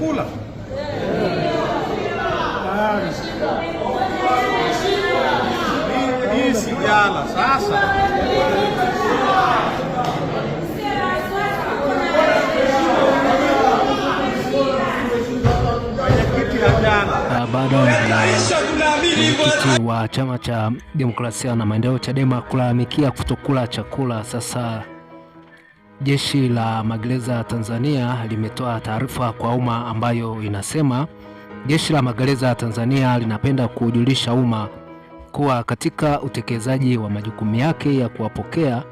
kula hii sijala sasa ah, Mwenyekiti wa Chama cha Demokrasia na Maendeleo, Chadema, kulalamikia kutokula chakula. Sasa Jeshi la Magereza Tanzania limetoa taarifa kwa umma ambayo inasema Jeshi la Magereza Tanzania linapenda kuujulisha umma kuwa katika utekelezaji wa majukumu yake ya kuwapokea,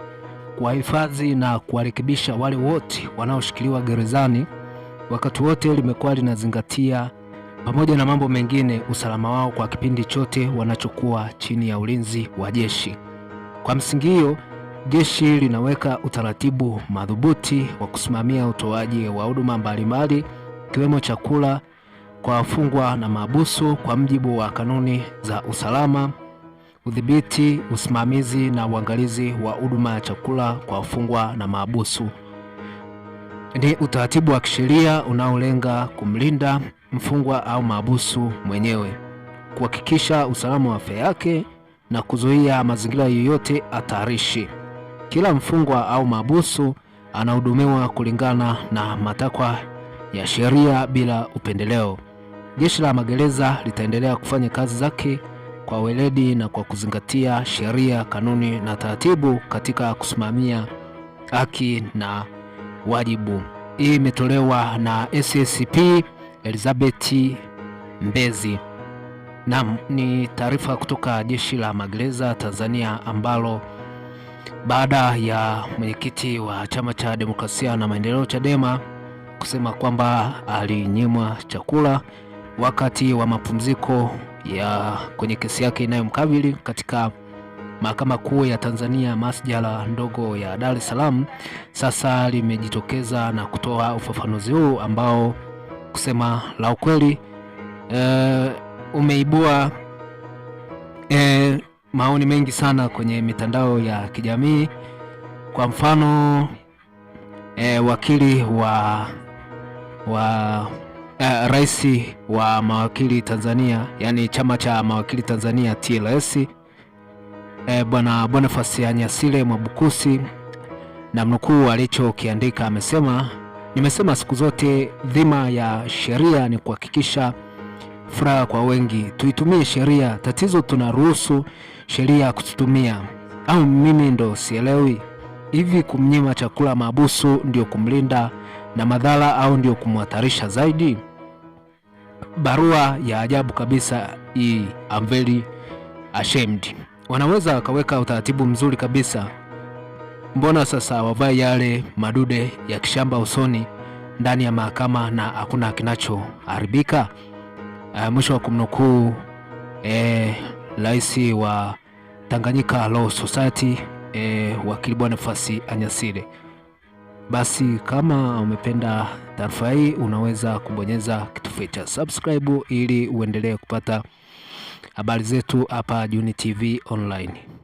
kuwahifadhi na kuwarekebisha wale wote wanaoshikiliwa gerezani, wakati wote limekuwa linazingatia pamoja na mambo mengine usalama wao kwa kipindi chote wanachokuwa chini ya ulinzi wa jeshi. Kwa msingi hiyo Jeshi linaweka utaratibu madhubuti wa kusimamia utoaji wa huduma mbalimbali ikiwemo chakula kwa wafungwa na mahabusu kwa mujibu wa kanuni za usalama, udhibiti, usimamizi na uangalizi wa huduma ya chakula kwa wafungwa na mahabusu. Ni utaratibu wa kisheria unaolenga kumlinda mfungwa au mahabusu mwenyewe, kuhakikisha usalama wa afya yake na kuzuia mazingira yoyote hatarishi. Kila mfungwa au mahabusu anahudumiwa kulingana na matakwa ya sheria bila upendeleo. Jeshi la magereza litaendelea kufanya kazi zake kwa weledi na kwa kuzingatia sheria, kanuni na taratibu katika kusimamia haki na wajibu. Hii imetolewa na SSP Elizabeth Mbezi. Naam, ni taarifa kutoka Jeshi la Magereza Tanzania ambalo baada ya mwenyekiti wa chama cha demokrasia na maendeleo Chadema kusema kwamba alinyimwa chakula wakati wa mapumziko ya kwenye kesi yake inayomkabili katika Mahakama Kuu ya Tanzania masjala ndogo ya Dar es Salaam, sasa limejitokeza na kutoa ufafanuzi huu ambao kusema la ukweli e, umeibua e, maoni mengi sana kwenye mitandao ya kijamii. Kwa mfano e, wakili wa wa e, rais wa mawakili Tanzania, yani chama cha mawakili Tanzania TLS, e, eh, bwana Boniface Anyasile Mwabukusi na mnukuu alichokiandika amesema, nimesema siku zote dhima ya sheria ni kuhakikisha furaha kwa wengi. Tuitumie sheria, tatizo tunaruhusu sheria ya kututumia, au mimi ndo sielewi? Hivi kumnyima chakula mahabusu ndio kumlinda na madhara au ndio kumhatarisha zaidi? Barua ya ajabu kabisa hii, I'm very ashamed. Wanaweza wakaweka utaratibu mzuri kabisa. Mbona sasa wavae yale madude ya kishamba usoni ndani ya mahakama na hakuna kinachoharibika? uh, mwisho wa kumnukuu eh, rais wa Tanganyika Law Society eh, wakili bwana Fasi Anyasile. Basi kama umependa taarifa hii, unaweza kubonyeza kitufe cha subscribe ili uendelee kupata habari zetu hapa Juni TV Online.